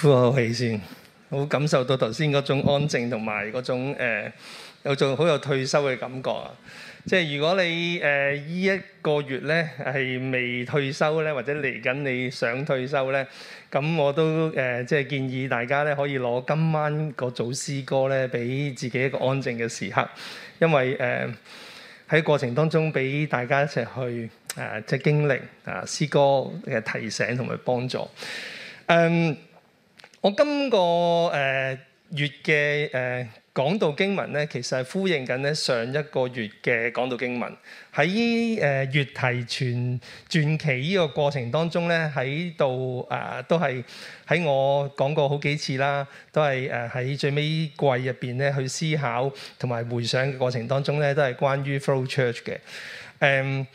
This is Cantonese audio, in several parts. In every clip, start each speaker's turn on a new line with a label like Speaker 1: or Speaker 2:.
Speaker 1: 呼口氣先，好感受到頭先嗰種安靜同埋嗰種、呃、有種好有退休嘅感覺啊！即係如果你誒呢一個月咧係未退休咧，或者嚟緊你想退休咧，咁我都誒、呃、即係建議大家咧可以攞今晚個組詩歌咧，俾自己一個安靜嘅時刻，因為誒喺、呃、過程當中俾大家一齊去誒、呃、即係經歷啊詩歌嘅提醒同埋幫助。嗯。我今、這個誒、呃、月嘅誒講道經文咧，其實係呼應緊咧上一個月嘅講道經文。喺誒、呃、月題傳傳奇呢個過程當中咧，喺度啊都係喺我講過好幾次啦，都係誒喺最尾季入邊咧去思考同埋回想嘅過程當中咧，都係關於 flow church 嘅誒。嗯。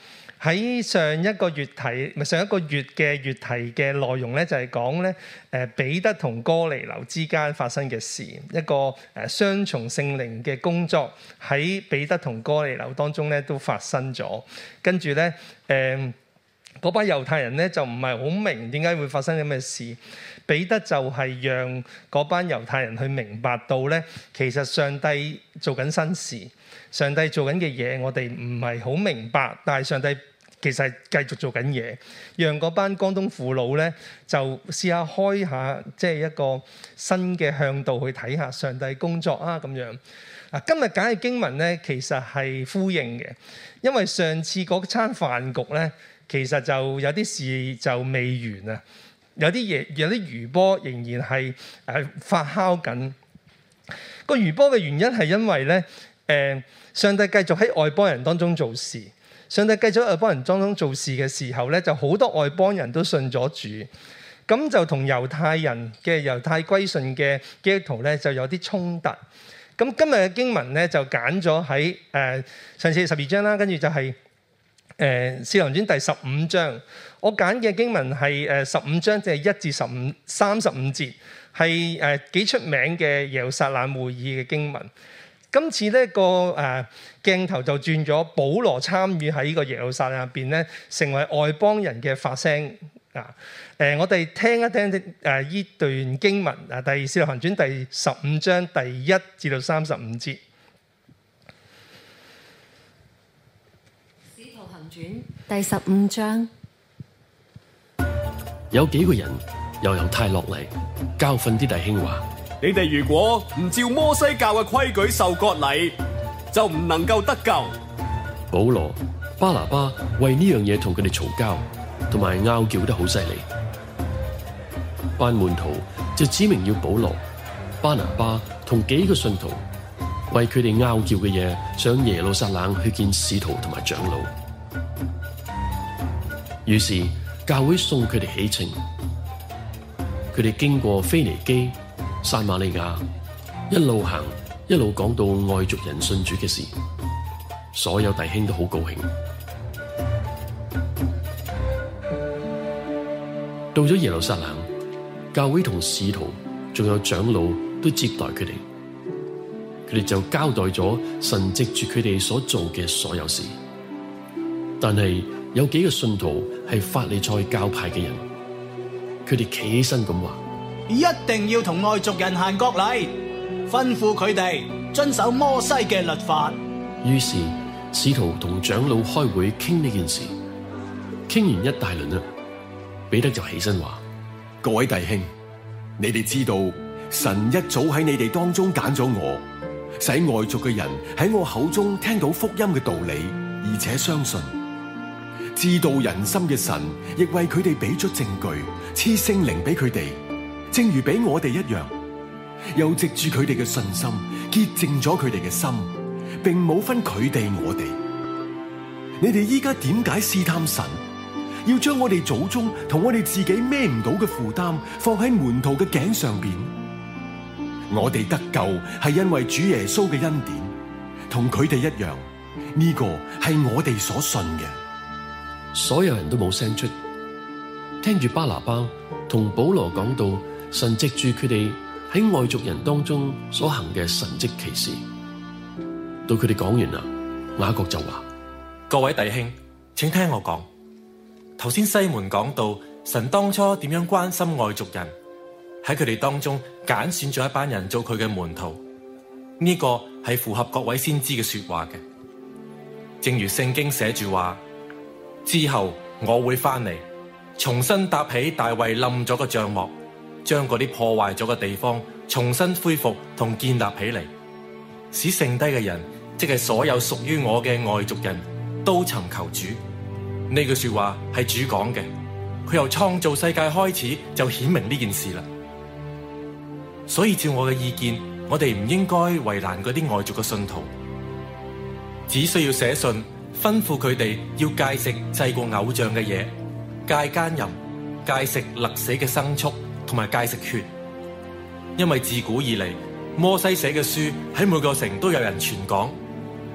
Speaker 1: 喺上一個月題咪上一個月嘅月題嘅內容咧，就係講咧誒彼得同哥尼流之間發生嘅事，一個誒雙重聖靈嘅工作喺彼得同哥尼流當中咧都發生咗。跟住咧誒嗰班猶太人咧就唔係好明點解會發生咁嘅事。彼得就係讓嗰班猶太人去明白到咧，其實上帝做緊新事，上帝做緊嘅嘢我哋唔係好明白，但係上帝，其實係繼續做緊嘢，讓嗰班江東父老咧就試下開下即係一個新嘅向度去睇下上帝工作啊咁樣。嗱，今日解嘅經文咧，其實係呼應嘅，因為上次嗰餐飯局咧，其實就有啲事就未完啊，有啲嘢有啲餘波仍然係誒發酵緊。個餘波嘅原因係因為咧，誒、呃、上帝繼續喺外邦人當中做事。上帝繼續外邦人裝裝做事嘅時候咧，就好多外邦人都信咗主，咁就同猶太人嘅猶太歸信嘅基督徒咧就有啲衝突。咁今日嘅經文咧就揀咗喺誒上次十二章啦，跟住就係、是、誒《使徒行傳》第十五章。我揀嘅經文係誒十五章，即係一至十五三十五節，係誒幾出名嘅耶路撒冷會議嘅經文。今次呢、這個誒。呃鏡頭就轉咗，保羅參與喺呢個耶路撒冷入邊呢，成為外邦人嘅發聲啊！誒、呃，我哋聽一聽誒呢段經文啊，《使徒行傳》第十五章第一至到三十五節，《使徒行傳》
Speaker 2: 第十五章，
Speaker 3: 有幾個人由猶太落嚟，教訓啲弟兄話：你哋如果唔照摩西教嘅規矩受割禮。就唔能夠得救。保羅、巴拿巴為呢樣嘢同佢哋嘈交，同埋拗撬得好犀利。班門徒就指明要保羅、巴拿巴同幾個信徒為佢哋拗撬嘅嘢，上耶路撒冷去見使徒同埋長老。於是教會送佢哋起程，佢哋經過腓尼基、撒馬利亞，一路行。一路講到外族人信主嘅事，所有弟兄都好高興。到咗耶路撒冷，教會同使徒仲有長老都接待佢哋，佢哋就交代咗神藉住佢哋所做嘅所有事。但係有幾個信徒係法利賽教派嘅人，佢哋企起身咁話：
Speaker 2: 一定要同外族人行割禮。吩咐佢哋遵守摩西嘅律法。
Speaker 3: 於是，使徒同長老開會傾呢件事，傾完一大輪啦。彼得就起身話：各位弟兄，你哋知道神一早喺你哋當中揀咗我，使外族嘅人喺我口中聽到福音嘅道理，而且相信知道人心嘅神，亦為佢哋俾咗證據，賜聖靈俾佢哋，正如俾我哋一樣。又藉住佢哋嘅信心，潔淨咗佢哋嘅心，並冇分佢哋我哋。你哋依家點解試探神？要將我哋祖宗同我哋自己孭唔到嘅負擔放喺門徒嘅頸上邊？我哋得救係因為主耶穌嘅恩典，同佢哋一樣。呢個係我哋所信嘅。所有人都冇聲出，聽住巴拿巴同保羅講到神藉住佢哋，喺外族人當中所行嘅
Speaker 2: 神蹟奇事，到佢哋講完啦，雅各就話：各位弟兄，請聽我講。頭先西門講到神當初點樣關心外族人，喺佢哋當中揀選咗一班人做佢嘅門徒，呢個係符合各位先知嘅說話嘅。正如聖經寫住話：之後我會返嚟，重新搭起大衛冧咗嘅帳幕。將嗰啲破壞咗嘅地方重新恢復同建立起嚟，使剩低嘅人，即係所有屬於我嘅外族人都曾求主。呢句說話係主講嘅，佢由創造世界開始就顯明呢件事啦。所以照我嘅意見，我哋唔應該為難嗰啲外族嘅信徒，只需要寫信吩咐佢哋要戒食祭過偶像嘅嘢，戒奸淫，戒食勒死嘅牲畜。同埋戒食血，因為自古以嚟摩西寫嘅書喺每個城都有人傳講，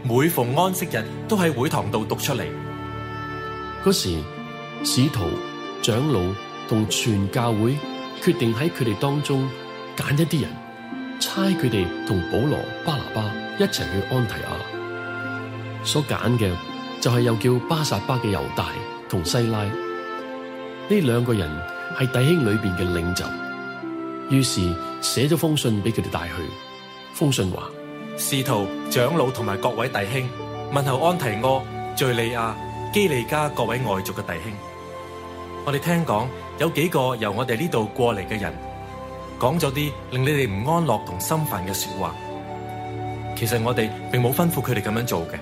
Speaker 2: 每逢安息日都喺會堂度讀出嚟。嗰時使徒長老同全
Speaker 3: 教會決定喺佢哋當中揀一啲人，猜佢哋同保羅、巴拿巴一齊去安提阿。所揀嘅就係又叫巴撒巴嘅猶大同西拉呢兩個人。係弟兄
Speaker 2: 裏邊嘅領袖，於是寫咗封信俾佢哋帶去。封信話：使徒長老同埋各位弟兄，問候安提阿、敘利亞、基利家各位外族嘅弟兄。我哋聽講有幾個由我哋呢度過嚟嘅人，講咗啲令你哋唔安樂同心煩嘅說話。其實我哋並冇吩咐佢哋咁樣做嘅，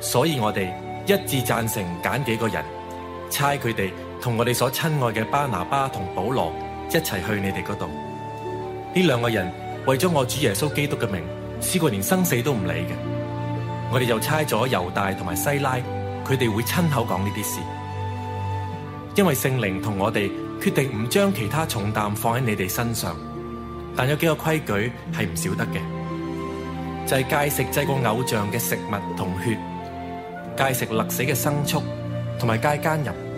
Speaker 2: 所以我哋一致贊成揀幾個人，差佢哋。同我哋所親愛嘅巴拿巴同保羅一齊去你哋嗰度。呢兩個人為咗我主耶穌基督嘅名，試過連生死都唔理嘅。我哋又猜咗猶大同埋西拉，佢哋會親口講呢啲事。因為聖靈同我哋決定唔將其他重擔放喺你哋身上，但有幾個規矩係唔少得嘅，就係、是、戒食祭過偶像嘅食物同血，戒食勒死嘅牲畜，同埋戒姦淫。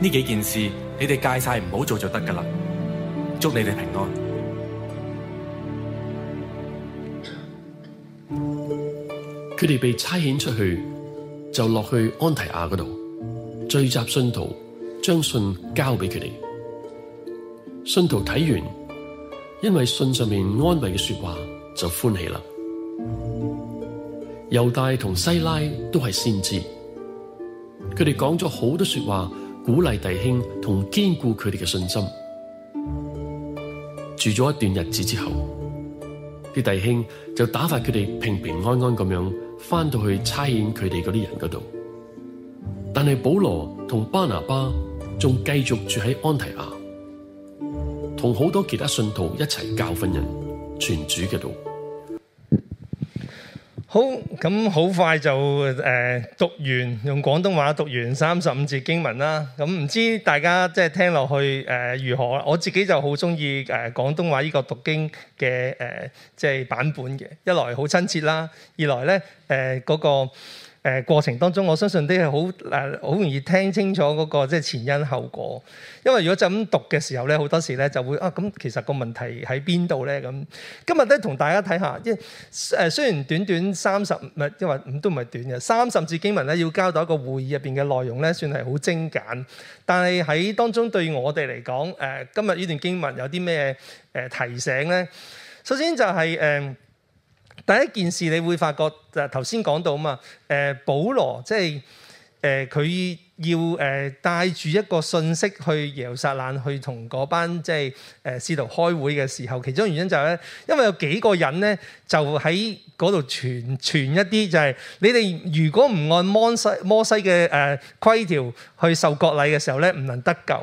Speaker 2: 呢幾件事，你哋戒晒唔好做就得噶啦。祝你哋平安。
Speaker 3: 佢哋被差遣出去，就落去安提亞嗰度聚集信徒，將信交俾佢哋。信徒睇完，因為信上面安慰嘅說話，就歡喜啦。猶大同西拉都係先知，佢哋講咗好多說話。鼓勵弟兄同堅固佢哋嘅信心。住咗一段日子之後，啲弟兄就打發佢哋平平安安咁樣返到去差遣佢哋嗰啲人嗰度。但係保羅同巴拿巴仲繼續住喺安提阿，同好多其他信徒一齊教訓人、傳主嘅道。
Speaker 1: 好，咁好快就誒讀完，用廣東話讀完三十五節經文啦。咁唔知大家即係聽落去誒如何？我自己就好鍾意誒廣東話呢個讀經嘅誒即係版本嘅，一來好親切啦，二來咧誒嗰個。誒過程當中，我相信啲係好誒好容易聽清楚嗰個即係前因後果，因為如果就咁讀嘅時候咧，好多時咧就會啊，咁其實個問題喺邊度咧咁。今日咧同大家睇下，即誒雖然短短三十唔係，因為唔都唔係短嘅三十字經文咧，要交到一個會議入邊嘅內容咧，算係好精簡。但係喺當中對我哋嚟講，誒、呃、今日呢段經文有啲咩誒提醒咧？首先就係、是、誒。呃第一件事，你會發覺就頭先講到啊嘛，誒、呃，保羅即係。誒佢、呃、要誒、呃、帶住一個信息去耶路撒冷去同嗰班即係誒使徒開會嘅時候，其中原因就係咧，因為有幾個人咧就喺嗰度傳傳一啲就係、是、你哋如果唔按摩西摩西嘅誒、呃、規條去受割禮嘅時候咧，唔能得救。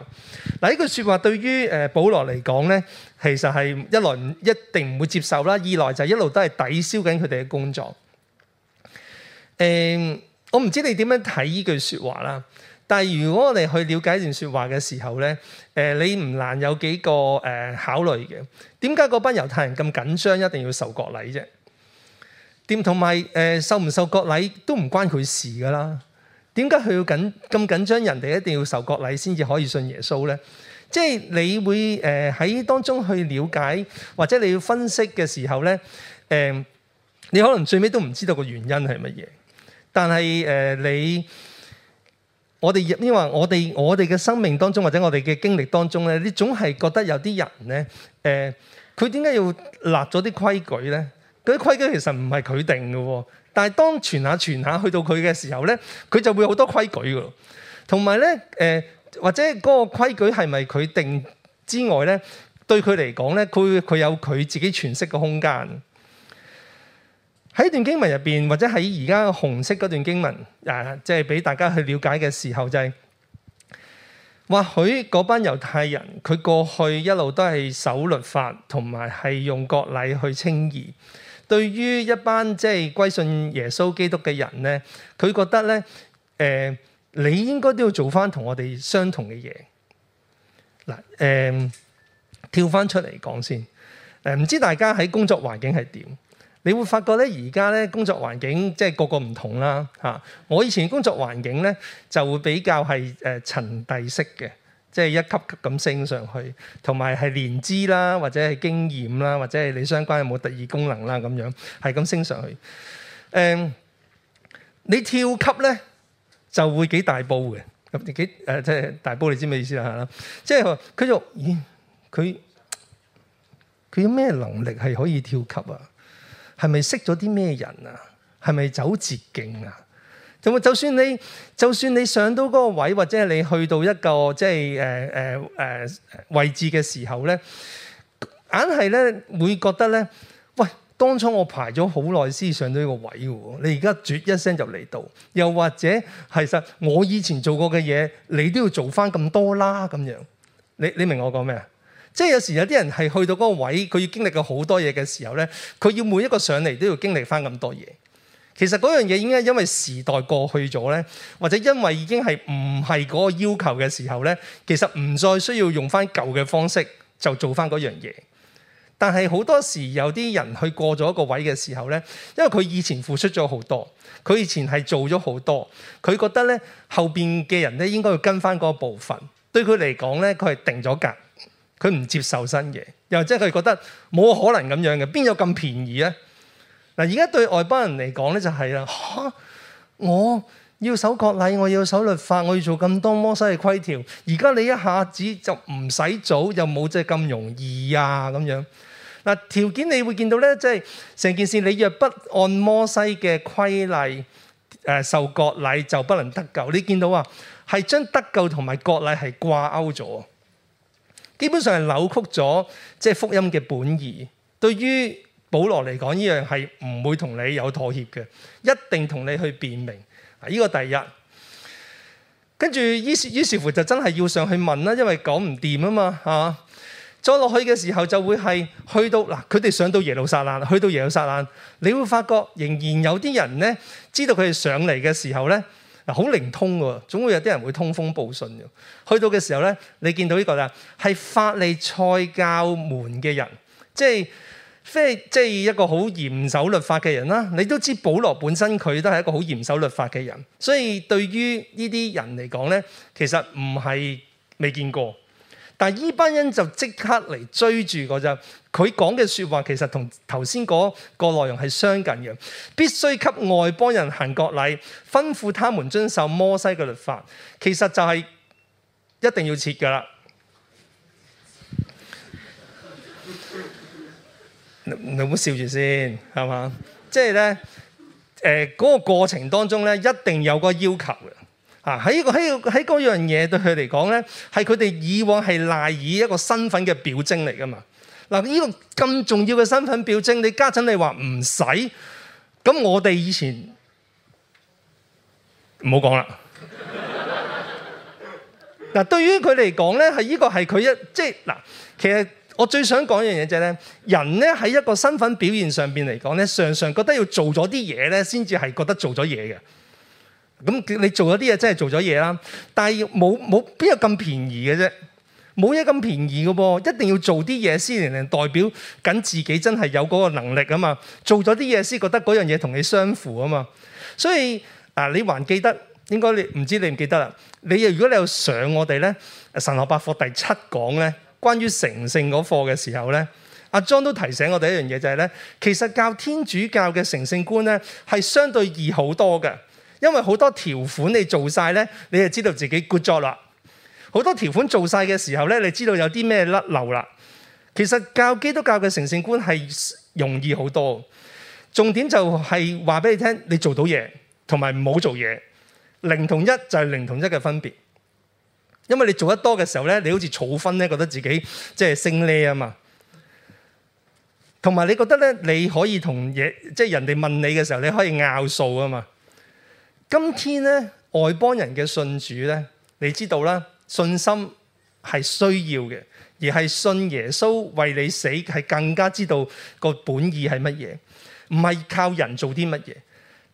Speaker 1: 嗱呢句説話對於誒保、呃、羅嚟講咧，其實係一來一定唔會接受啦，二來就係一路都係抵消緊佢哋嘅工作。誒、呃。我唔知你點樣睇呢句說話啦，但係如果我哋去了解一段說話嘅時候咧，誒、呃，你唔難有幾個誒、呃、考慮嘅。點解個班猶太人咁緊張，一定要受割禮啫？點同埋誒，受唔受割禮都唔關佢事噶啦。點解佢要緊咁緊張，人哋一定要受割禮先至可以信耶穌咧？即、就、係、是、你會誒喺、呃、當中去了解，或者你要分析嘅時候咧，誒、呃，你可能最尾都唔知道個原因係乜嘢。但係誒、呃、你，我哋因為我哋我哋嘅生命當中或者我哋嘅經歷當中咧，你總係覺得有啲人咧，誒佢點解要立咗啲規矩咧？嗰啲規矩其實唔係佢定嘅喎，但係當傳下傳下去到佢嘅時候咧，佢就會好多規矩嘅。同埋咧誒或者嗰個規矩係咪佢定之外咧？對佢嚟講咧，佢佢有佢自己詮釋嘅空間。喺段經文入邊，或者喺而家紅色嗰段經文，啊，即係俾大家去了解嘅時候、就係，就係或許嗰班猶太人佢過去一路都係守律法，同埋係用國禮去稱義。對於一班即係歸信耶穌基督嘅人咧，佢覺得咧，誒、呃，你應該都要做翻同我哋相同嘅嘢。嗱，誒，跳翻出嚟講先，誒，唔知大家喺工作環境係點？你會發覺咧，而家咧工作環境即係個個唔同啦。吓，我以前工作環境咧就會比較係誒層遞式嘅，即係一級級咁升上去，同埋係年資啦，或者係經驗啦，或者係你相關有冇特異功能啦，咁樣係咁升上去。誒，你跳級咧就會幾大煲嘅，咁幾誒即係大煲你知咩意思啦吓啦？即係佢就咦，佢佢有咩能力係可以跳級啊？係咪識咗啲咩人啊？係咪走捷徑啊？同埋就算你，就算你上到嗰個位，或者你去到一個即係誒誒誒位置嘅時候咧，硬係咧會覺得咧，喂，當初我排咗好耐先上到呢個位嘅喎，你而家啜一聲就嚟到，又或者其實我以前做過嘅嘢，你都要做翻咁多啦咁樣。你你明我講咩啊？即係有時有啲人係去到嗰個位，佢要經歷過好多嘢嘅時候呢，佢要每一個上嚟都要經歷翻咁多嘢。其實嗰樣嘢應該因為時代過去咗呢，或者因為已經係唔係嗰個要求嘅時候呢，其實唔再需要用翻舊嘅方式就做翻嗰樣嘢。但係好多時有啲人去過咗一個位嘅時候呢，因為佢以前付出咗好多，佢以前係做咗好多，佢覺得呢後邊嘅人呢應該要跟翻嗰部分。對佢嚟講呢，佢係定咗格。佢唔接受新嘢，又或者佢覺得冇可能咁樣嘅，邊有咁便宜啊？嗱，而家對外邦人嚟講咧，就係啦，我要守割禮，我要守律法，我要做咁多摩西嘅規條。而家你一下子就唔使做，又冇即係咁容易啊咁樣。嗱，條件你會見到咧，即係成件事，你若不按摩西嘅規例誒受、呃、割禮，就不能得救。你見到啊，係將得救同埋割禮係掛鈎咗。基本上係扭曲咗即係福音嘅本意。對於保羅嚟講，呢樣係唔會同你有妥協嘅，一定同你去辨明。呢個第一。跟住，於是於是乎就真係要上去問啦，因為講唔掂啊嘛嚇。再落去嘅時候就會係去到嗱，佢哋上到耶路撒冷，去到耶路撒冷，你會發覺仍然有啲人呢，知道佢哋上嚟嘅時候呢。好靈通喎，總會有啲人會通風報信嘅。去到嘅時候咧，你見到呢個啦，係法利賽教門嘅人，即係即係一個好嚴守律法嘅人啦。你都知保羅本身佢都係一個好嚴守律法嘅人，所以對於呢啲人嚟講咧，其實唔係未見過。但係依班人就即刻嚟追住個就，佢講嘅說話，其實同頭先嗰個內容係相近嘅，必須給外邦人行國禮，吩咐他們遵守摩西嘅律法，其實就係一定要切嘅啦。你唔好笑住先係嘛？即係咧，誒、呃、嗰、那個過程當中咧，一定有個要求嘅。啊！喺依個喺喺嗰樣嘢對佢嚟講咧，係佢哋以往係賴以一個身份嘅表徵嚟噶嘛。嗱、啊，呢、呢個咁重要嘅身份表徵，你家陣你話唔使，咁我哋以前唔好講啦。嗱、 啊，對於佢嚟講咧，係呢個係佢一即係嗱、啊。其實我最想講一樣嘢就係咧，人咧喺一個身份表現上邊嚟講咧，常常覺得要做咗啲嘢咧，先至係覺得做咗嘢嘅。咁你做咗啲嘢，真係做咗嘢啦。但係冇冇，邊有咁便宜嘅啫？冇嘢咁便宜嘅噃，一定要做啲嘢先，才能代表緊自己真係有嗰個能力啊嘛。做咗啲嘢先，覺得嗰樣嘢同你相符啊嘛。所以啊，你還記得？應該你唔知你唔記得啦。你又如果你有上我哋咧神學百科第七講咧，關於成聖嗰課嘅時候咧，阿莊都提醒我哋一樣嘢就係、是、咧，其實教天主教嘅成聖觀咧係相對易好多嘅。因為好多條款你做晒咧，你就知道自己 good job 啦。好多條款做晒嘅時候咧，你知道有啲咩甩漏啦。其實教基督教嘅成聖觀係容易好多，重點就係話俾你聽，你做到嘢同埋唔好做嘢。零同一就係零同一嘅分別，因為你做得多嘅時候咧，你好似儲分咧，覺得自己即係升呢啊嘛，同埋你覺得咧，你可以同嘢，即係人哋問你嘅時候，你可以拗數啊嘛。今天咧，外邦人嘅信主咧，你知道啦，信心係需要嘅，而係信耶穌為你死，係更加知道個本意係乜嘢，唔係靠人做啲乜嘢。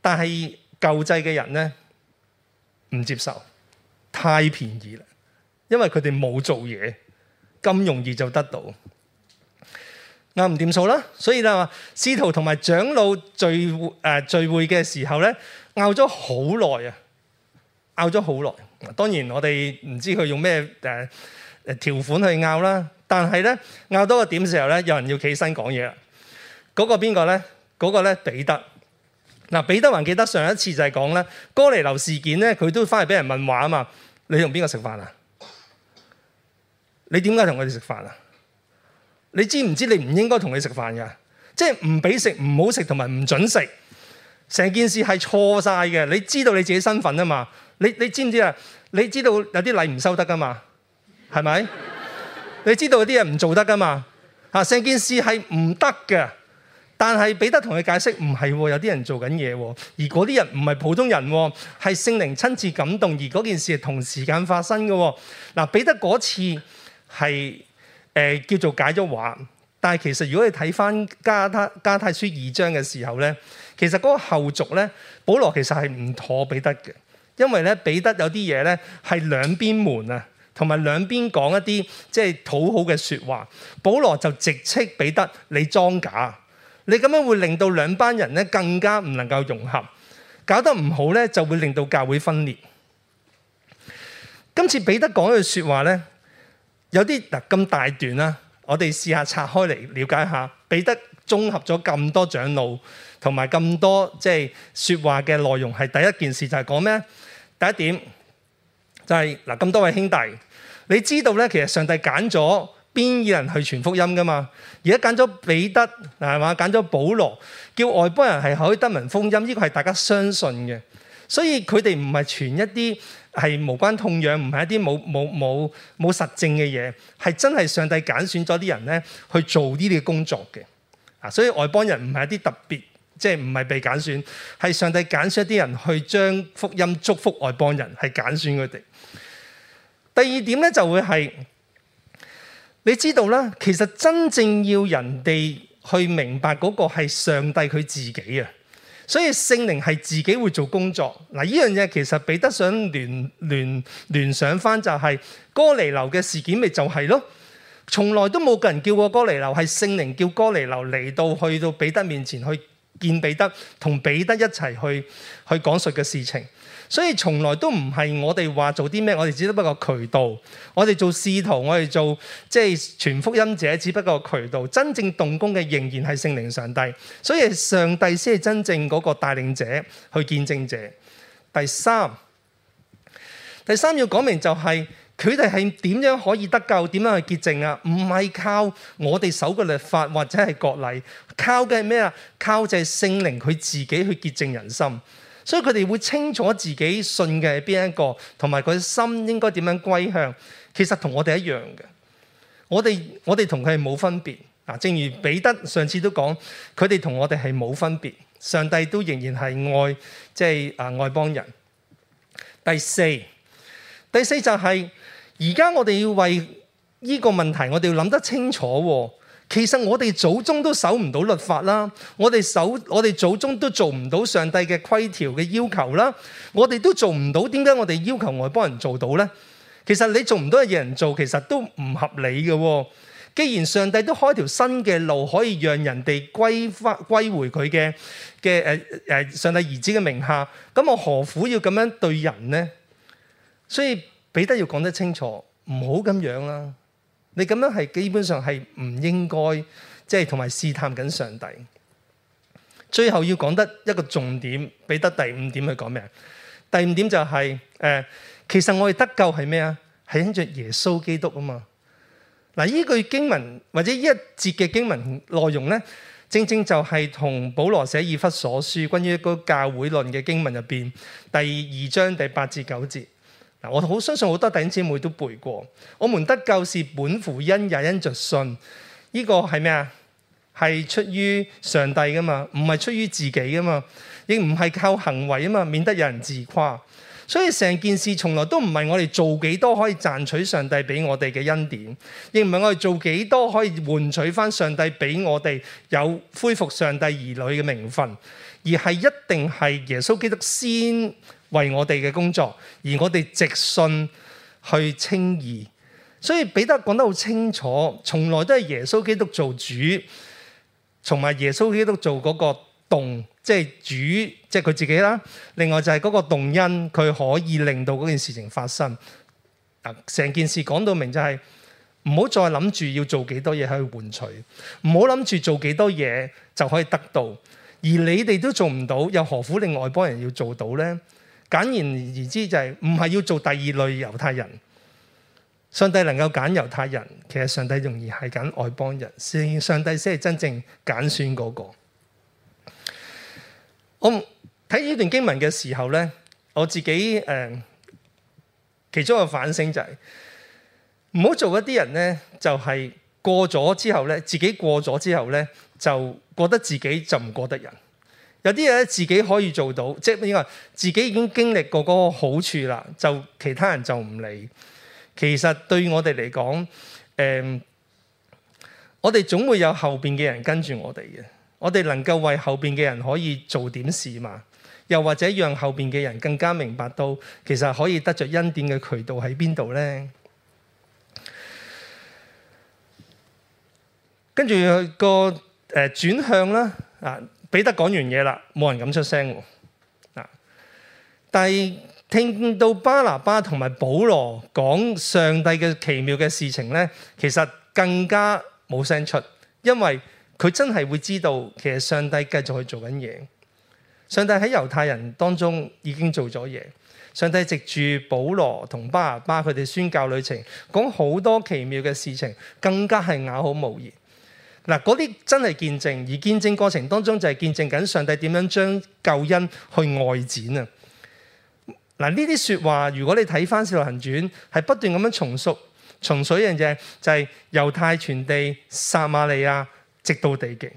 Speaker 1: 但係舊制嘅人咧，唔接受，太便宜啦，因為佢哋冇做嘢，咁容易就得到，啱唔掂數啦。所以啦，使徒同埋長老聚會誒、呃、聚會嘅時候咧。拗咗好耐啊，拗咗好耐。當然我哋唔知佢用咩、呃、條款去拗啦。但係呢，拗多個點時候呢，有人要起身講嘢啦。嗰個邊個呢？嗰個呢，彼得。嗱、啊、彼得還記得上一次就係講呢，哥尼流事件呢，佢都翻嚟俾人問話啊嘛。你同邊個食飯啊？你點解同佢哋食飯啊？你知唔知你唔應該同佢食飯㗎？即係唔俾食、唔好食同埋唔準食。成件事係錯晒嘅，你知道你自己身份啊嘛？你你知唔知啊？你知道有啲禮唔收得噶嘛？係咪？ 你知道有啲嘢唔做得噶嘛？啊！成件事係唔得嘅，但係彼得同佢解釋唔係喎，有啲人做緊嘢喎，而嗰啲人唔係普通人喎、哦，係聖靈親自感動，而嗰件事係同時間發生嘅。嗱，彼得嗰次係誒、呃、叫做解咗畫，但係其實如果你睇翻加太加太書二章嘅時候咧。其實嗰個後續咧，保羅其實係唔妥彼得嘅，因為咧彼得有啲嘢咧係兩邊門啊，同埋兩邊講一啲即係討好嘅說話，保羅就直斥彼得你裝假，你咁樣會令到兩班人咧更加唔能夠融合，搞得唔好咧就會令到教會分裂。今次彼得講嘅說話咧，有啲嗱咁大段啦，我哋試下拆開嚟了解一下彼得。比綜合咗咁多長老同埋咁多即係說話嘅內容，係第一件事就係講咩？第一點就係嗱，咁多位兄弟，你知道咧，其實上帝揀咗邊啲人去傳福音噶嘛？而家揀咗彼得嗱，係嘛，揀咗保羅，叫外邦人係可以得聞福音，呢個係大家相信嘅。所以佢哋唔係傳一啲係無關痛癢，唔係一啲冇冇冇冇實證嘅嘢，係真係上帝揀選咗啲人咧去做呢啲工作嘅。所以外邦人唔係一啲特別，即係唔係被揀選，係上帝揀選一啲人去將福音祝福外邦人，係揀選佢哋。第二點咧就會係，你知道啦，其實真正要人哋去明白嗰個係上帝佢自己啊，所以聖靈係自己會做工作。嗱，呢樣嘢其實彼得想聯聯聯想返就係哥尼流嘅事件，咪就係咯。從來都冇個人叫過哥尼流，係聖靈叫哥尼流嚟到去到彼得面前去見彼得，同彼得一齊去去講述嘅事情。所以從來都唔係我哋話做啲咩，我哋只不過渠道。我哋做使徒，我哋做即係、就是、傳福音者，只不過渠道。真正動工嘅仍然係聖靈上帝，所以是上帝先係真正嗰個帶領者去見證者。第三，第三要講明就係、是。佢哋係點樣可以得救？點樣去潔淨啊？唔係靠我哋守嘅律法或者係割禮，靠嘅係咩啊？靠就係聖靈佢自己去潔淨人心，所以佢哋會清楚自己信嘅係邊一個，同埋佢心應該點樣歸向。其實同我哋一樣嘅，我哋我哋同佢係冇分別啊。正如彼得上次都講，佢哋同我哋係冇分別，上帝都仍然係愛，即係啊愛外邦人。第四，第四就係。而家我哋要為呢個問題，我哋要諗得清楚。其實我哋祖宗都守唔到律法啦，我哋守我哋祖宗都做唔到上帝嘅規條嘅要求啦，我哋都做唔到。點解我哋要求外邦人做到呢？其實你做唔到嘅嘢人做，其實都唔合理嘅。既然上帝都開條新嘅路，可以讓人哋歸翻歸回佢嘅嘅誒誒上帝兒子嘅名下，咁我何苦要咁樣對人呢？所以。彼得要講得清楚，唔好咁樣啦。你咁樣係基本上係唔應該，即係同埋試探緊上帝。最後要講得一個重點，彼得第五點去講咩？第五點就係、是、誒、呃，其實我哋得救係咩啊？係因着耶穌基督啊嘛。嗱，依句經文或者依一節嘅經文內容咧，正正就係同保羅寫以弗所書關於一個教會論嘅經文入邊第二章第八至九節。嗱，我好相信好多弟兄姐妹都背過。我們得救是本乎恩，也因着信。呢個係咩啊？係出於上帝噶嘛？唔係出於自己噶嘛？亦唔係靠行為啊嘛，免得有人自誇。所以成件事從來都唔係我哋做幾多可以賺取上帝俾我哋嘅恩典，亦唔係我哋做幾多可以換取翻上帝俾我哋有恢復上帝兒女嘅名分，而係一定係耶穌基督先。為我哋嘅工作，而我哋直信去稱義，所以彼得講得好清楚，從來都係耶穌基督做主，同埋耶穌基督做嗰個動，即係主，即係佢自己啦。另外就係嗰個動因，佢可以令到嗰件事情發生。成件事講到明就係唔好再諗住要做幾多嘢去換取，唔好諗住做幾多嘢就可以得到，而你哋都做唔到，又何苦另外幫人要做到呢？簡言而之就係唔係要做第二類猶太人。上帝能夠揀猶太人，其實上帝容易係揀外邦人，上上帝先係真正揀選嗰個。我睇呢段經文嘅時候咧，我自己誒、呃，其中一個反省就係唔好做一啲人咧，就係過咗之後咧，自己過咗之後咧，就覺得自己就唔過得人。有啲嘢自己可以做到，即係點講？自己已經經歷過嗰個好處啦，就其他人就唔理。其實對我哋嚟講，誒，我哋總會有後面嘅人跟住我哋嘅，我哋能夠為後面嘅人可以做點事嘛？又或者讓後面嘅人更加明白到其實可以得着恩典嘅渠道喺邊度呢？跟住個誒轉向啦啊！彼得講完嘢啦，冇人敢出聲喎。但係聽到巴拿巴同埋保羅講上帝嘅奇妙嘅事情呢，其實更加冇聲出，因為佢真係會知道其實上帝繼續去做緊嘢。上帝喺猶太人當中已經做咗嘢，上帝藉住保羅同巴拿巴佢哋宣教旅程，講好多奇妙嘅事情，更加係啞口無言。嗱，嗰啲真係見證，而見證過程當中就係見證緊上帝點樣將救恩去外展啊！嗱，呢啲説話，如果你睇翻《使徒行傳》，係不斷咁樣重述、重述一樣嘢，就係猶太傳地撒瑪利亞，直到地極。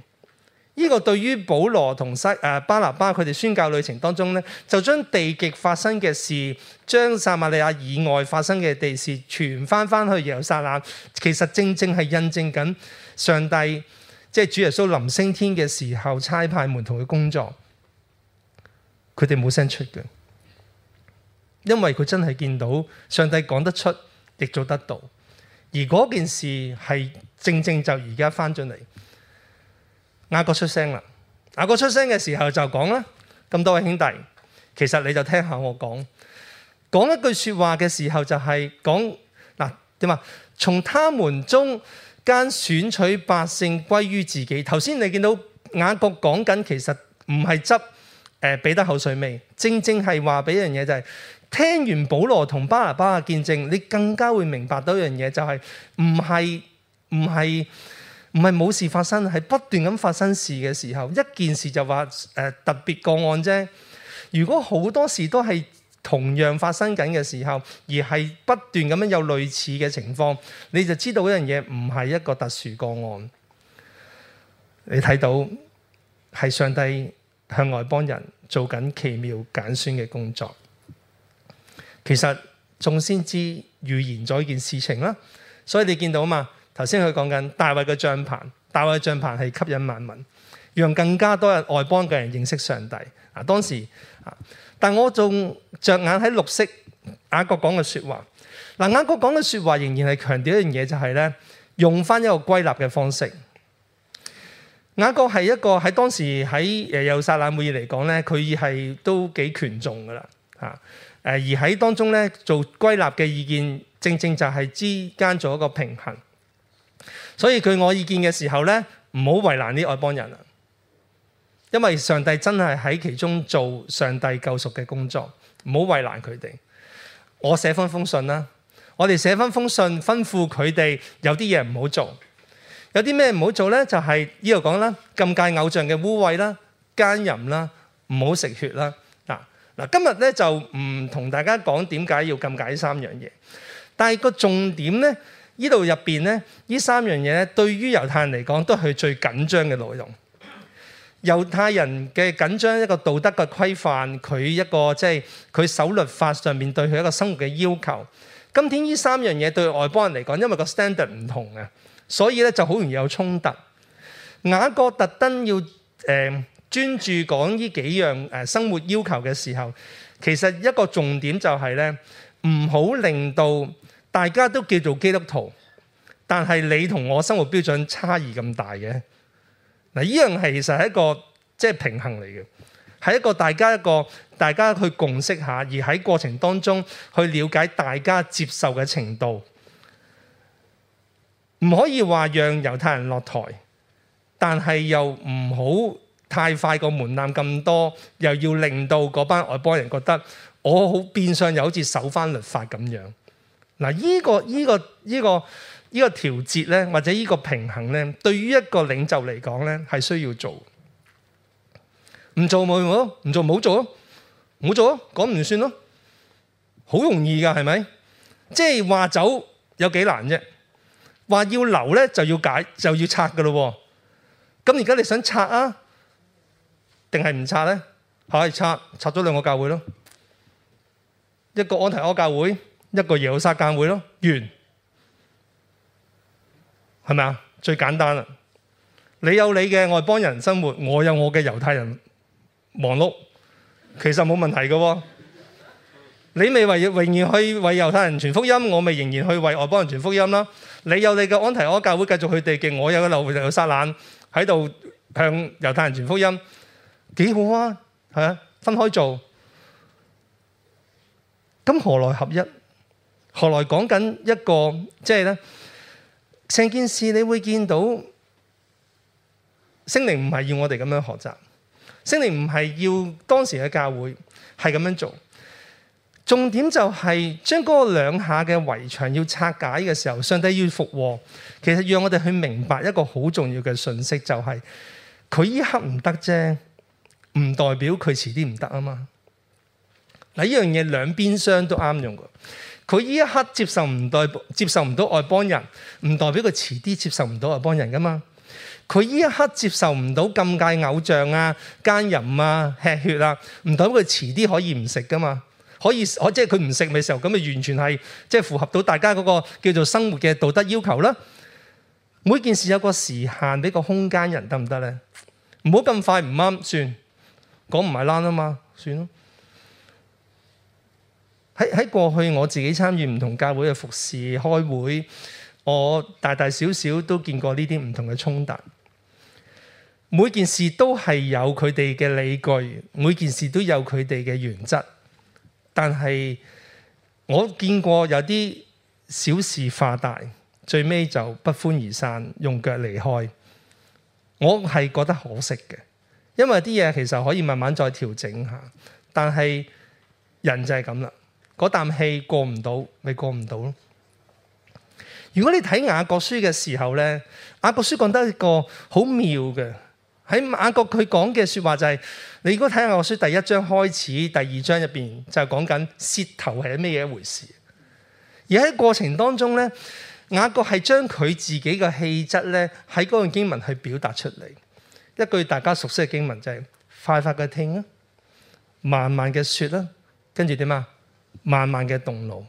Speaker 1: 呢、呢個對於保羅同塞誒巴拿巴佢哋宣教旅程當中咧，就將地極發生嘅事，將撒瑪利亞以外發生嘅地事傳翻翻去耶路撒冷，其實正正係印證緊。上帝即係、就是、主耶穌臨升天嘅時候差派門同佢工作，佢哋冇聲出嘅，因為佢真係見到上帝講得出，亦做得到。而嗰件事係正正就而家翻咗嚟，雅各出聲啦。雅各出聲嘅時候就講啦：「咁多位兄弟，其實你就聽下我講，講一句說話嘅時候就係講：「嗱，點啊？從他們中。間選取百姓歸於自己。頭先你見到雅各講緊，其實唔係執誒彼得口水尾，正正係話俾一樣嘢就係、是，聽完保羅同巴拿巴嘅見證，你更加會明白到一樣嘢就係、是，唔係唔係唔係冇事發生，係不斷咁發生事嘅時候，一件事就話、呃、特別個案啫。如果好多事都係，同樣發生緊嘅時候，而係不斷咁樣有類似嘅情況，你就知道嗰樣嘢唔係一個特殊個案。你睇到係上帝向外邦人做緊奇妙揀選嘅工作，其實眾先知預言咗呢件事情啦。所以你見到啊嘛，頭先佢講緊大衛嘅帳棚，大衛嘅帳棚係吸引萬民，讓更加多人外邦嘅人認識上帝。啊，當時啊。但我仲着眼喺綠色雅各講嘅説話，嗱，雅各講嘅説話仍然係強調一樣嘢，就係咧用返一個歸納嘅方式。雅各係一個喺當時喺誒耶路撒冷嚟講咧，佢係都幾權重㗎喇吓，誒而喺當中咧做歸納嘅意見，正正就係之間做一個平衡。所以佢我意見嘅時候咧，唔好為難啲外邦人啊。因為上帝真係喺其中做上帝救贖嘅工作，唔好為難佢哋。我寫返封信啦，我哋寫返封信吩咐佢哋有啲嘢唔好做，有啲咩唔好做呢？就係呢度講啦，禁戒偶像嘅污穢啦，奸淫啦，唔好食血啦。嗱嗱，今日咧就唔同大家講點解要禁戒呢三樣嘢，但係個重點呢，呢度入邊呢，呢三樣嘢咧，對於猶太人嚟講都係最緊張嘅內容。猶太人嘅緊張一個道德嘅規範，佢一個即係佢守律法上面對佢一個生活嘅要求。今天呢三樣嘢對外邦人嚟講，因為個 standard 唔同啊，所以咧就好容易有衝突。雅各特登要誒專注講呢幾樣誒生活要求嘅時候，其實一個重點就係咧，唔好令到大家都叫做基督徒，但係你同我生活標準差異咁大嘅。嗱，呢樣其實係一個即係、就是、平衡嚟嘅，係一個大家一個大家去共識下，而喺過程當中去了解大家接受嘅程度，唔可以話讓猶太人落台，但係又唔好太快個門檻咁多，又要令到嗰班外邦人覺得我好變相又好似守翻律法咁樣。嗱，呢個呢個呢個。這個這個。呢個調節咧，或者呢個平衡咧，對於一個領袖嚟講咧，係需要做。唔做冇用咯，唔做冇做咯，唔好做咯，講唔算咯，好容易噶，係咪？即係話走有幾難啫？話要留咧，就要解，就要拆噶咯。咁而家你想拆啊？定係唔拆咧？嚇，拆，拆咗兩個教會咯，一個安提阿教會，一個耶路撒冷教會咯，完。係咪啊？最簡單啦！你有你嘅外邦人生活，我有我嘅猶太人忙碌，其實冇問題嘅喎。你未為永遠去為猶太人傳福音，我咪仍然去為外邦人傳福音啦。你有你嘅安提阿教會繼續去地嘅，我有個耶路撒冷喺度向猶太人傳福音，幾好啊？係啊，分開做。咁何來合一？何來講緊一個即係咧？成件事，你會見到聖靈唔係要我哋咁樣學習，聖靈唔係要當時嘅教會係咁樣做。重點就係、是、將嗰兩下嘅圍牆要拆解嘅時候，上帝要復和，其實讓我哋去明白一個好重要嘅訊息、就是，就係佢依刻唔得啫，唔代表佢遲啲唔得啊嘛。嗱，一樣嘢兩邊廂都啱用的。佢呢一刻接受唔代接受唔到外邦人，唔代表佢遲啲接受唔到外邦人㗎嘛。佢呢一刻接受唔到禁戒偶像啊、奸淫啊、吃血啊，唔代表佢遲啲可以唔食㗎嘛。可以可，即係佢唔食嘅時候，咁咪完全係即係符合到大家嗰個叫做生活嘅道德要求啦。每件事有個時限，俾個空間人得唔得咧？唔好咁快唔啱，算講唔係爛啊嘛，算咯。喺喺過去我自己參與唔同教會嘅服侍、開會，我大大小小都見過呢啲唔同嘅衝突。每件事都係有佢哋嘅理據，每件事都有佢哋嘅原則。但係我見過有啲小事化大，最尾就不歡而散，用腳離開。我係覺得可惜嘅，因為啲嘢其實可以慢慢再調整下。但係人就係咁啦。嗰啖氣過唔到，咪過唔到咯。如果你睇雅各書嘅時候呢，雅各書講得一個好妙嘅，喺雅各佢講嘅説話就係，你如果睇雅各書第一章開始，第二章入邊就係講緊舌頭係咩嘢一回事。而喺過程當中呢，雅各係將佢自己嘅氣質呢喺嗰段經文去表達出嚟。一句大家熟悉嘅經文就係：快快嘅聽啦，慢慢嘅説啦，跟住點啊？慢慢嘅動怒，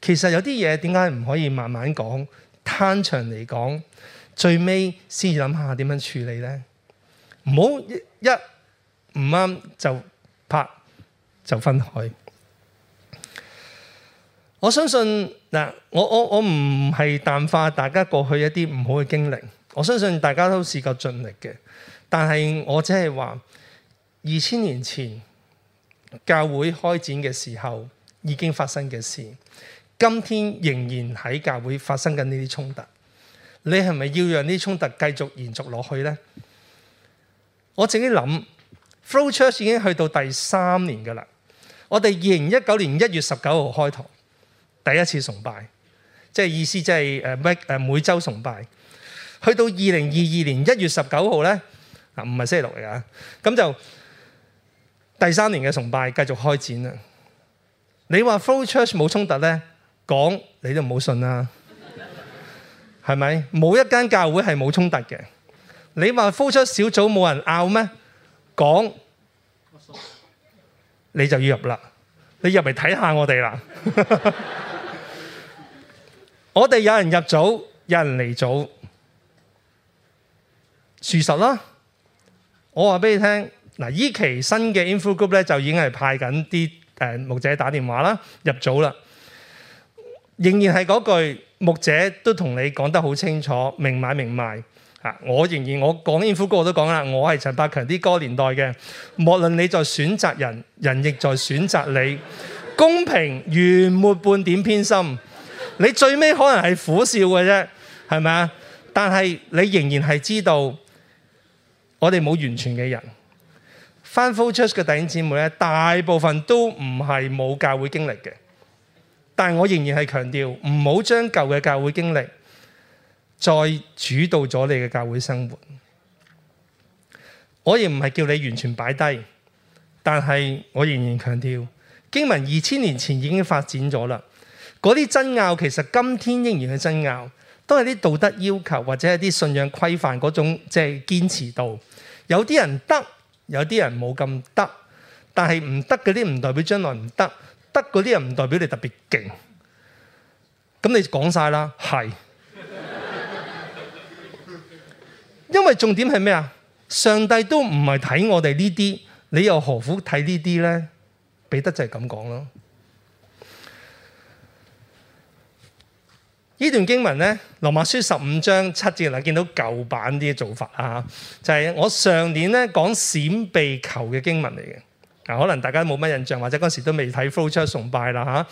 Speaker 1: 其實有啲嘢點解唔可以慢慢講、攤長嚟講，最尾先諗下點樣處理呢？唔好一唔啱就拍就分開。我相信嗱，我我我唔係淡化大家過去一啲唔好嘅經歷。我相信大家都試過盡力嘅，但係我只係話二千年前教會開展嘅時候。已經發生嘅事，今天仍然喺教會發生緊呢啲衝突，你係咪要讓呢啲衝突繼續延續落去呢？我自己諗，Flow Church 已經去到了第三年噶啦。我哋二零一九年一月十九號開堂，第一次崇拜，即係意思即係誒咩誒每周崇拜，去到二零二二年一月十九號呢，嗱唔係星期六嚟㗎，咁就第三年嘅崇拜繼續開展啦。你話 flow church 冇衝突呢？講你都唔好信啦，係咪？冇一間教會係冇衝突嘅。你話 flow church 小組冇人拗咩？講，你就要入啦。你入嚟睇下我哋啦。 我哋有人入組，有人嚟組，事實啦。我話俾你聽，嗱，呢期新嘅 info group 咧就已經係派緊啲。誒木姐打電話啦，入組啦，仍然係嗰句木姐都同你講得好清楚，明買明賣嚇。我仍然我講煙灰哥我都講啦，我係陳百強啲歌年代嘅，無論你在選擇人，人亦在選擇你，公平原沒半點偏心。你最尾可能係苦笑嘅啫，係咪啊？但係你仍然係知道，我哋冇完全嘅人。翻 flow church 嘅弟兄姊妹咧，大部分都唔係冇教會經歷嘅，但我仍然係強調唔好將舊嘅教會經歷再主導咗你嘅教會生活。我亦唔係叫你完全擺低，但係我仍然強調，經文二千年前已經發展咗啦，嗰啲爭拗其實今天仍然係爭拗，都係啲道德要求或者係啲信仰規範嗰種即係堅持度。有啲人得。有啲人冇咁得，但係唔得嗰啲唔代表將來唔得，得嗰啲人唔代表你特別勁。咁你講晒啦，係。 因為重點係咩啊？上帝都唔係睇我哋呢啲，你又何苦睇呢啲咧？彼得就係咁講咯。呢段經文咧，《羅馬書》十五章七節啦，見到舊版啲做法啦嚇，就係我上年咧講閃避球嘅經文嚟嘅。嗱，可能大家冇乜印象，或者嗰時都未睇《future 崇拜》啦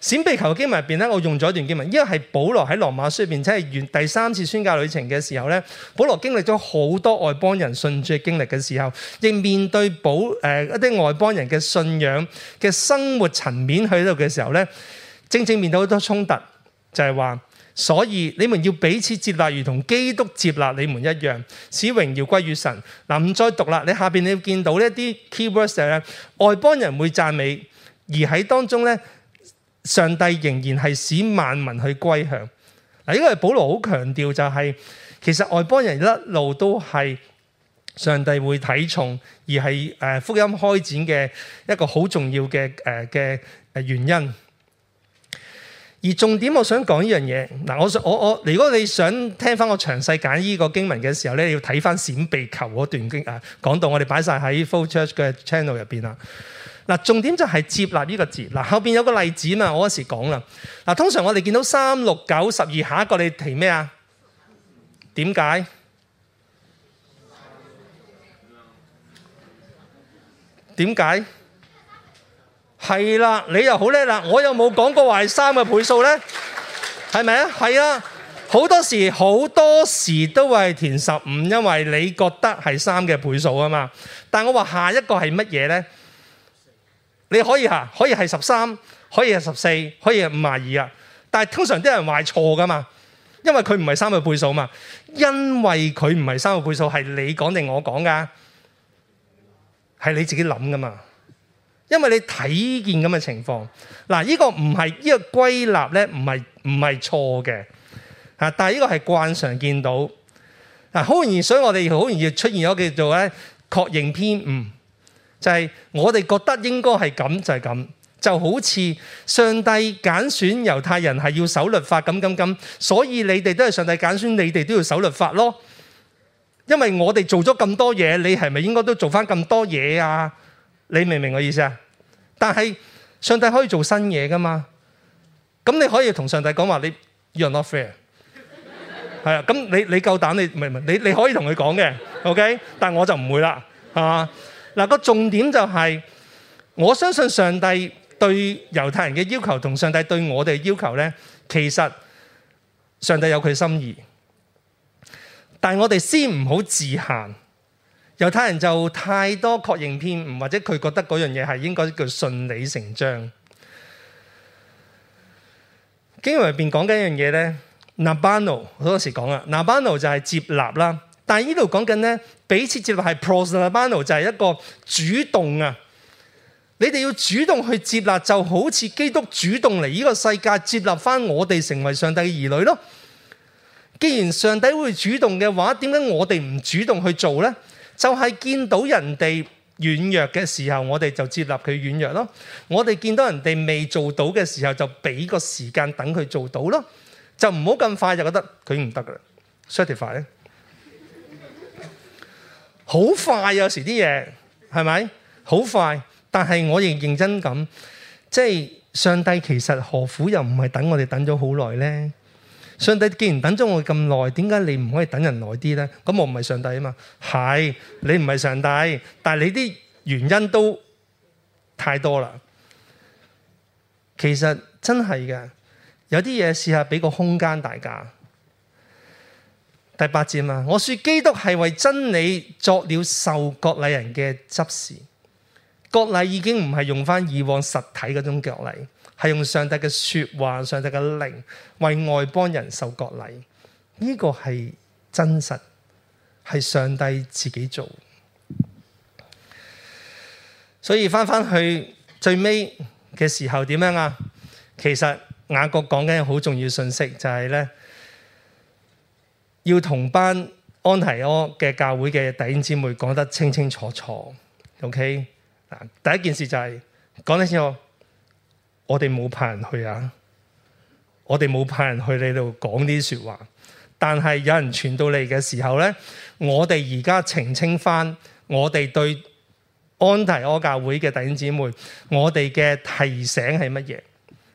Speaker 1: 嚇。閃避球嘅經文入邊咧，我用咗一段經文，因為係保羅喺《羅馬書》入邊，即係第三次宣教旅程嘅時候咧，保羅經歷咗好多外邦人信主經歷嘅時候，亦面對保誒一啲外邦人嘅信仰嘅生活層面去度嘅時候咧，正正面對好多衝突。就係話，所以你們要彼此接納，如同基督接納你們一樣，使榮耀歸於神。嗱，唔再讀啦。你下邊你要見到呢一啲 key words 咧，外邦人會讚美，而喺當中咧，上帝仍然係使萬民去歸向。嗱，呢個係保羅好強調就係、是，其實外邦人一路都係上帝會睇重，而係誒福音開展嘅一個好重要嘅誒嘅誒原因。而重點我想講依樣嘢，嗱，我我我，如果你想聽翻我詳細揀依個經文嘅時候咧，你要睇翻閃避球嗰段經啊，講到我哋擺晒喺 flow church 嘅 channel 入邊啦。嗱，重點就係接納呢個字。嗱，後邊有個例子嘛，我嗰時講啦。嗱，通常我哋見到三、六、九、十二，下一個你提咩啊？點解？點解？係啦，你又好叻啦，我又冇講過話三嘅倍數呢？係咪啊？係啊，好多時好多時都係填十五，因為你覺得係三嘅倍數啊嘛。但係我話下一個係乜嘢呢？你可以吓，可以係十三，可以係十四，可以係五廿二啊。但係通常啲人話錯噶嘛，因為佢唔係三嘅倍數嘛。因為佢唔係三嘅倍數，係你講定我講噶，係你自己諗噶嘛。因為你睇見咁嘅情況，嗱、這個，呢、這個唔係呢個歸納咧，唔係唔係錯嘅，吓，但係呢個係慣常見到，嗱，好容易，所以我哋好容易出現咗叫做咧確認偏誤，就係、是、我哋覺得應該係咁就係、是、咁，就好似上帝揀選猶太人係要守律法，咁咁咁，所以你哋都係上帝揀選，你哋都要守律法咯，因為我哋做咗咁多嘢，你係咪應該都做翻咁多嘢啊？你明唔明我意思啊？但係上帝可以做新嘢噶嘛？咁你可以同上帝講話你 You're not fair 係啊？咁你你夠膽你唔係唔係你你可以同佢講嘅，OK？但係我就唔會啦，係嘛？嗱、個重點就係、是、我相信上帝對猶太人嘅要求同上帝對我哋要求咧，其實上帝有佢心意，但係我哋先唔好自限。猶太人就太多確認偏誤，或者佢覺得嗰樣嘢係應該叫順理成章。經文入邊講緊一樣嘢呢，Nabano，好多時講啊，Nabano 就係接納啦。但係呢度講緊呢，彼此接納係 Pros，Nabano 就係一個主動啊。你哋要主動去接納，就好似基督主動嚟呢個世界接納翻我哋成為上帝嘅兒女咯。既然上帝會主動嘅話，點解我哋唔主動去做呢？就係見到人哋軟弱嘅時候，我哋就接納佢軟弱咯；我哋見到人哋未做到嘅時候，就俾個時間等佢做到咯。就唔好咁快就覺得佢唔得㗎喇，certify 咧，好 快有時啲嘢係咪？好快，但係我亦認真咁，即係上帝其實何苦又唔係等我哋等咗好耐咧？上帝既然等咗我咁耐，點解你唔可以等人耐啲咧？咁我唔係上帝啊嘛，係，你唔係上帝，但係你啲原因都太多啦。其實真係嘅，有啲嘢試下俾個空間大家。第八節啊嘛，我説基督係為真理作了受割禮人嘅執事，割禮已經唔係用翻以往實體嗰種割禮。係用上帝嘅說話、上帝嘅靈為外邦人受割禮，呢、這個係真實，係上帝自己做。所以翻翻去最尾嘅時候點樣啊？其實雅各講緊好重要信息、就是，就係咧要同班安提阿嘅教會嘅弟兄姊妹講得清清楚楚。OK，第一件事就係講得清楚。我哋冇派人去啊！我哋冇派人去你度講啲說這些話，但係有人傳到嚟嘅時候呢，我哋而家澄清返，我哋對安提柯教會嘅弟兄姊妹，我哋嘅提醒係乜嘢？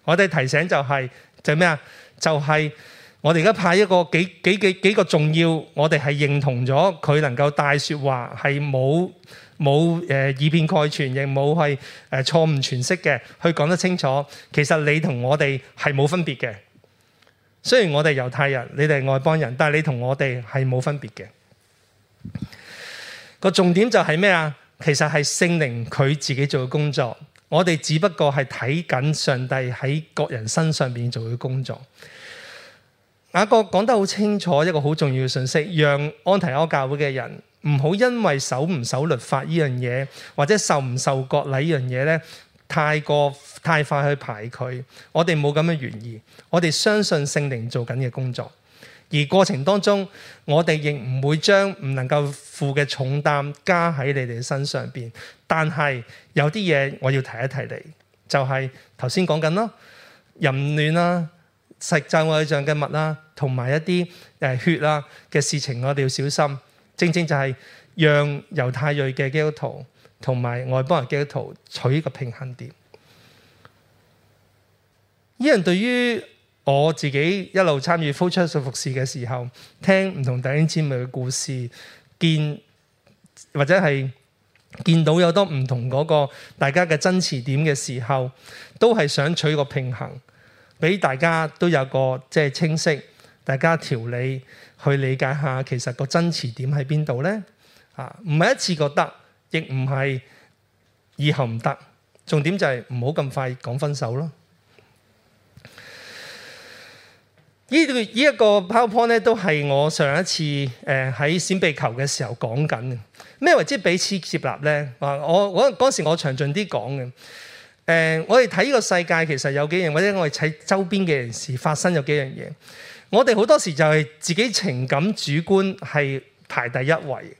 Speaker 1: 我哋提醒就係就咩啊？就係、是、我哋而家派一個幾幾幾幾個重要，我哋係認同咗佢能夠帶說話，係冇。冇誒以偏概全，亦冇係誒錯誤詮釋嘅，去講得清楚。其實你同我哋係冇分別嘅。雖然我哋猶太人，你哋外邦人，但係你同我哋係冇分別嘅。個重點就係咩啊？其實係聖靈佢自己做嘅工作，我哋只不過係睇緊上帝喺各人身上邊做嘅工作。一個講得好清楚，一個好重要嘅信息，讓安提阿教會嘅人。唔好因為守唔守律法呢樣嘢，或者受唔受割禮呢樣嘢咧，太過太快去排佢。我哋冇咁嘅原意，我哋相信聖靈做緊嘅工作。而過程當中，我哋亦唔會將唔能夠負嘅重擔加喺你哋身上邊。但係有啲嘢我要提一提你，就係頭先講緊咯，淫亂啦、食祭偶像嘅物啦，同埋一啲誒血啦嘅事情，我哋要小心。正正就係讓猶太裔嘅基督徒同埋外邦人基督徒取個平衡點。依樣對於我自己一路參與付出服侍嘅時候，聽唔同弟兄姊妹嘅故事，見或者係見到有多唔同嗰個大家嘅爭持點嘅時候，都係想取一個平衡，俾大家都有一個即係清晰。大家條理去理解一下，其實個爭持點喺邊度咧？啊，唔係一次覺得，亦唔係以後唔得。重點就係唔好咁快講分手咯。呢段呢一個 PowerPoint 咧，都係我上一次誒喺閃避球嘅時候講緊嘅。咩為之彼此接納咧？啊，我我嗰時我詳盡啲講嘅。誒、呃，我哋睇呢個世界其實有幾樣，或者我哋睇周邊嘅人事發生有幾樣嘢。我哋好多時就係自己情感主觀係排第一位，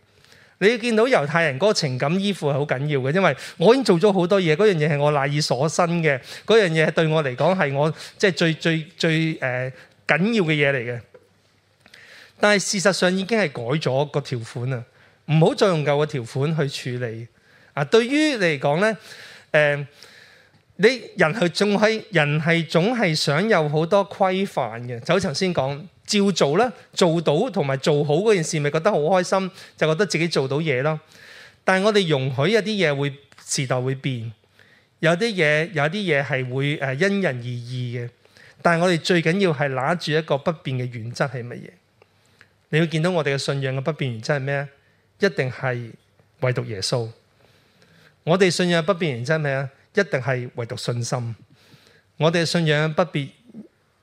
Speaker 1: 你見到猶太人嗰個情感依附係好緊要嘅，因為我已經做咗好多嘢，嗰樣嘢係我賴以所生嘅，嗰樣嘢對我嚟講係我即係最最最誒緊、呃、要嘅嘢嚟嘅。但係事實上已經係改咗個條款啊，唔好再用舊嘅條款去處理啊。對於嚟講咧，誒。你人係總係人係總係想有好多規範嘅，就好似頭先講，照做啦，做到同埋做好嗰件事，咪覺得好開心，就覺得自己做到嘢咯。但係我哋容許一啲嘢會時代會變，有啲嘢有啲嘢係會誒因人而異嘅。但係我哋最緊要係拿住一個不變嘅原則係乜嘢？你會見到我哋嘅信仰嘅不變原則係咩？一定係唯獨耶穌。我哋信仰嘅不變原則係咩？一定係唯獨信心，我哋信仰不變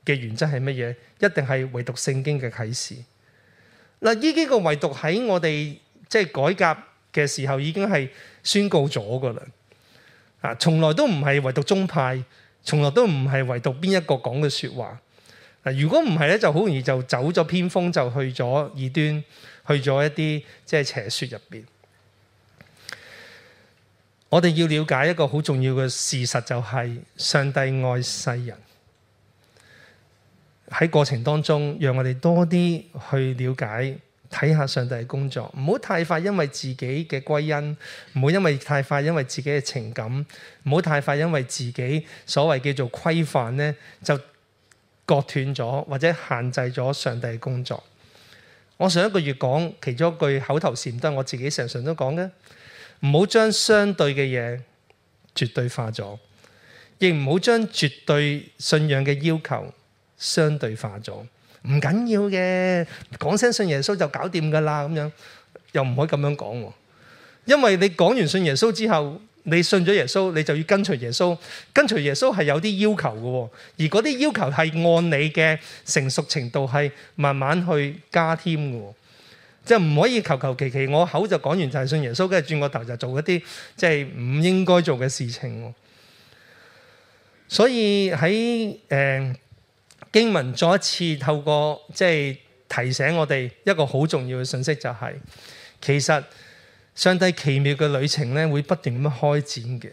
Speaker 1: 嘅原則係乜嘢？一定係唯獨聖經嘅啟示。嗱，呢幾個唯獨喺我哋即係改革嘅時候已經係宣告咗噶啦。啊，從來都唔係唯獨宗派，從來都唔係唯獨邊一個講嘅說話。嗱，如果唔係咧，就好容易就走咗偏鋒，就去咗異端，去咗一啲即係邪說入邊。我哋要了解一個好重要嘅事實，就係上帝愛世人。喺過程當中，讓我哋多啲去了解，睇下上帝嘅工作。唔好太快，因為自己嘅歸因；唔好因為太快，因為自己嘅情感；唔好太快，因為自己所謂叫做規範呢，就割斷咗或者限制咗上帝嘅工作。我上一個月講其中一句口頭禪都係我自己常常都講嘅。唔好將相對嘅嘢絕對化咗，亦唔好將絕對信仰嘅要求相對化咗。唔緊要嘅，講聲信耶穌就搞掂噶啦咁樣，又唔可以咁樣講。因為你講完信耶穌之後，你信咗耶穌，你就要跟隨耶穌。跟隨耶穌係有啲要求嘅，而嗰啲要求係按你嘅成熟程度係慢慢去加添嘅。即係唔可以求求其其，我口就講完就係信耶穌，跟住轉個頭就做一啲即係唔應該做嘅事情。所以喺誒、呃、經文再一次透過即係、就是、提醒我哋一個好重要嘅信息、就是，就係其實上帝奇妙嘅旅程咧會不斷咁樣開展嘅。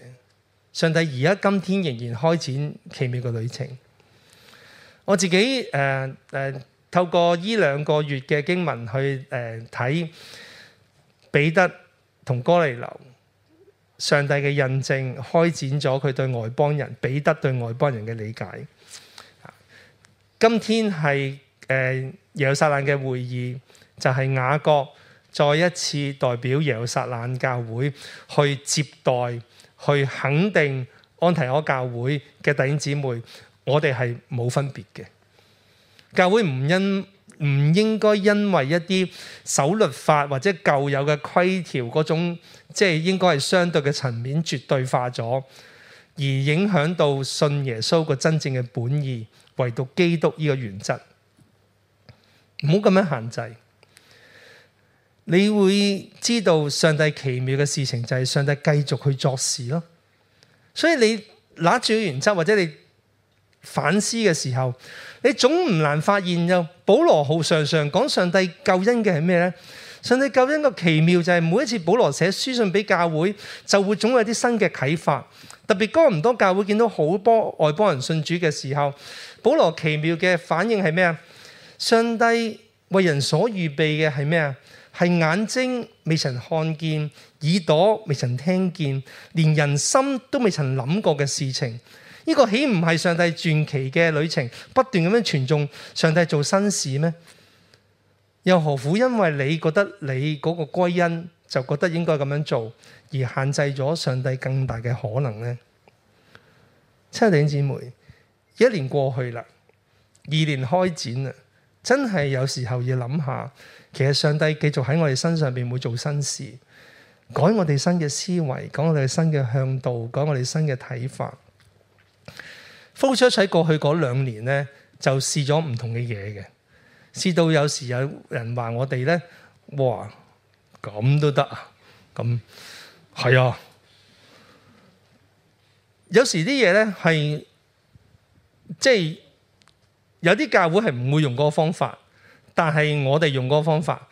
Speaker 1: 上帝而家今天仍然開展奇妙嘅旅程。我自己誒誒。呃呃透過呢兩個月嘅經文去誒睇彼得同哥尼流，上帝嘅印證開展咗佢對外邦人，彼得對外邦人嘅理解。今天係誒耶路撒冷嘅會議，就係、是、雅各再一次代表耶路撒冷教會去接待、去肯定安提阿教會嘅弟兄姊妹，我哋係冇分別嘅。教會唔應唔應該因為一啲守律法或者舊有嘅規條嗰種，即係應該係相對嘅層面絕對化咗，而影響到信耶穌個真正嘅本意，唯獨基督呢個原則，唔好咁樣限制。你會知道上帝奇妙嘅事情就係上帝繼續去作事咯。所以你拿住個原則或者你。反思嘅時候，你總唔難發現就保羅好常常講上帝救恩嘅係咩呢？上帝救恩個奇妙就係每一次保羅寫書信俾教會，就會總有啲新嘅啟發。特別多唔多教會見到好多外邦人信主嘅時候，保羅奇妙嘅反應係咩啊？上帝為人所預備嘅係咩啊？係眼睛未曾看見，耳朵未曾聽見，連人心都未曾諗過嘅事情。呢個豈唔係上帝傳奇嘅旅程，不斷咁樣傳頌上帝做新事咩？又何苦因為你覺得你嗰個歸因就覺得應該咁樣做，而限制咗上帝更大嘅可能呢？弟兄姊妹，一年過去啦，二年開展啊，真係有時候要諗下，其實上帝繼續喺我哋身上邊會做新事，改我哋新嘅思維，改我哋新嘅向導，改我哋新嘅睇法。flow church 喺過去嗰兩年呢，就試咗唔同嘅嘢嘅，試到有時有人話我哋呢，「哇，咁都得啊？咁係啊？」有時啲嘢呢，係即係有啲教會係唔會用嗰個方法，但係我哋用嗰個方法。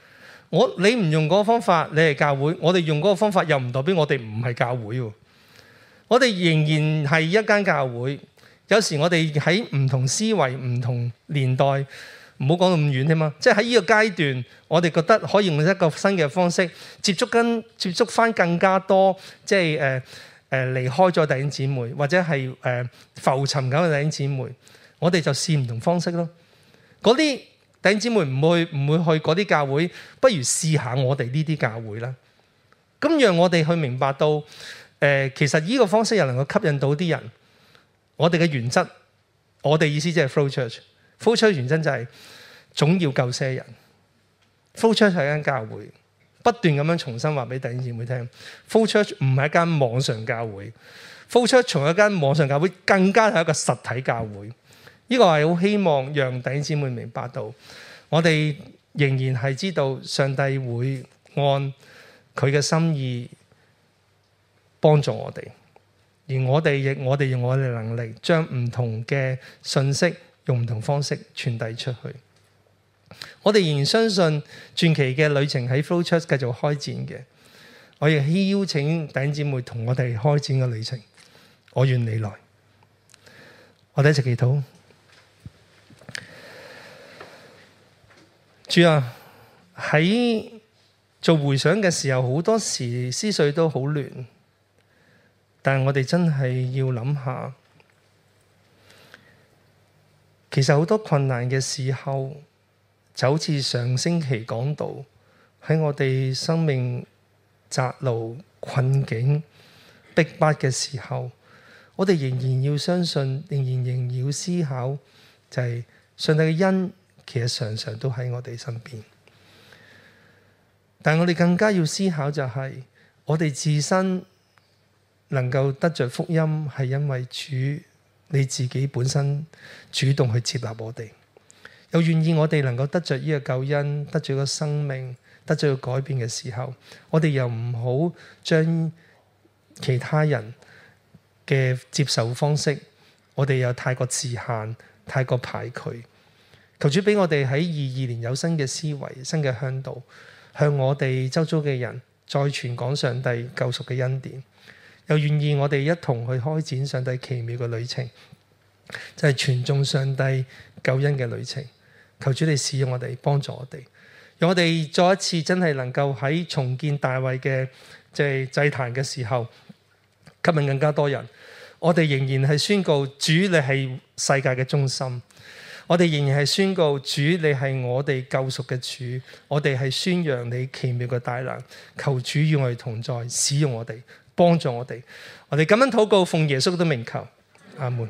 Speaker 1: 我，你唔用嗰個方法，你係教會；我哋用嗰個方法，又唔代表我哋唔係教會。我哋仍然係一間教會。有時我哋喺唔同思維、唔同年代，唔好講咁遠啫嘛。即係喺呢個階段，我哋覺得可以用一個新嘅方式接觸跟接觸返更加多，即係誒誒離開咗弟兄姊妹，或者係誒、呃、浮沉緊嘅弟兄姊妹，我哋就試唔同方式咯。嗰啲弟兄姊妹唔會唔會去嗰啲教會，不如試下我哋呢啲教會啦。咁讓我哋去明白到，誒、呃、其實呢個方式又能夠吸引到啲人。我哋嘅原則，我哋意思即係 flow church。flow church 原則就係總要救些人。flow church 係一間教會，不斷咁樣重新話俾弟兄姊妹聽。flow church 唔係一間網上教會，flow church 從一間網上教會更加係一個實體教會。呢個係好希望讓弟兄姊妹明白到，我哋仍然係知道上帝會按佢嘅心意幫助我哋。而我哋亦，我哋用我哋能力，將唔同嘅信息用唔同方式傳遞出去。我哋仍然相信傳奇嘅旅程喺 flow church 繼續開展嘅。我亦邀請弟兄姊妹同我哋開展嘅旅程。我願你來，我哋一齊祈禱。主啊，喺做回想嘅時候，好多時思緒都好亂。但係我哋真係要諗下，其實好多困難嘅時候，就好似上星期講到，喺我哋生命窄路困境逼迫嘅時候，我哋仍然要相信，仍然仍然要思考，就係上帝嘅恩，其實常常都喺我哋身邊。但係我哋更加要思考就係我哋自身。能夠得着福音，係因為主你自己本身主動去接納我哋，又願意我哋能夠得着呢個救恩，得着個生命，得着個改變嘅時候，我哋又唔好將其他人嘅接受方式，我哋又太過自限，太過排拒。求主俾我哋喺二二年有新嘅思維、新嘅向導，向我哋周遭嘅人再傳講上帝救贖嘅恩典。又願意我哋一同去開展上帝奇妙嘅旅程，就係傳頌上帝救恩嘅旅程。求主你使用我哋，幫助我哋，讓我哋再一次真係能夠喺重建大衛嘅祭壇嘅時候，吸引更加多人。我哋仍然係宣告主你係世界嘅中心，我哋仍然係宣告主你係我哋救贖嘅主，我哋係宣揚你奇妙嘅大能。求主與我哋同在，使用我哋。幫助我哋，我哋咁樣禱告，奉耶穌嘅名求，阿門。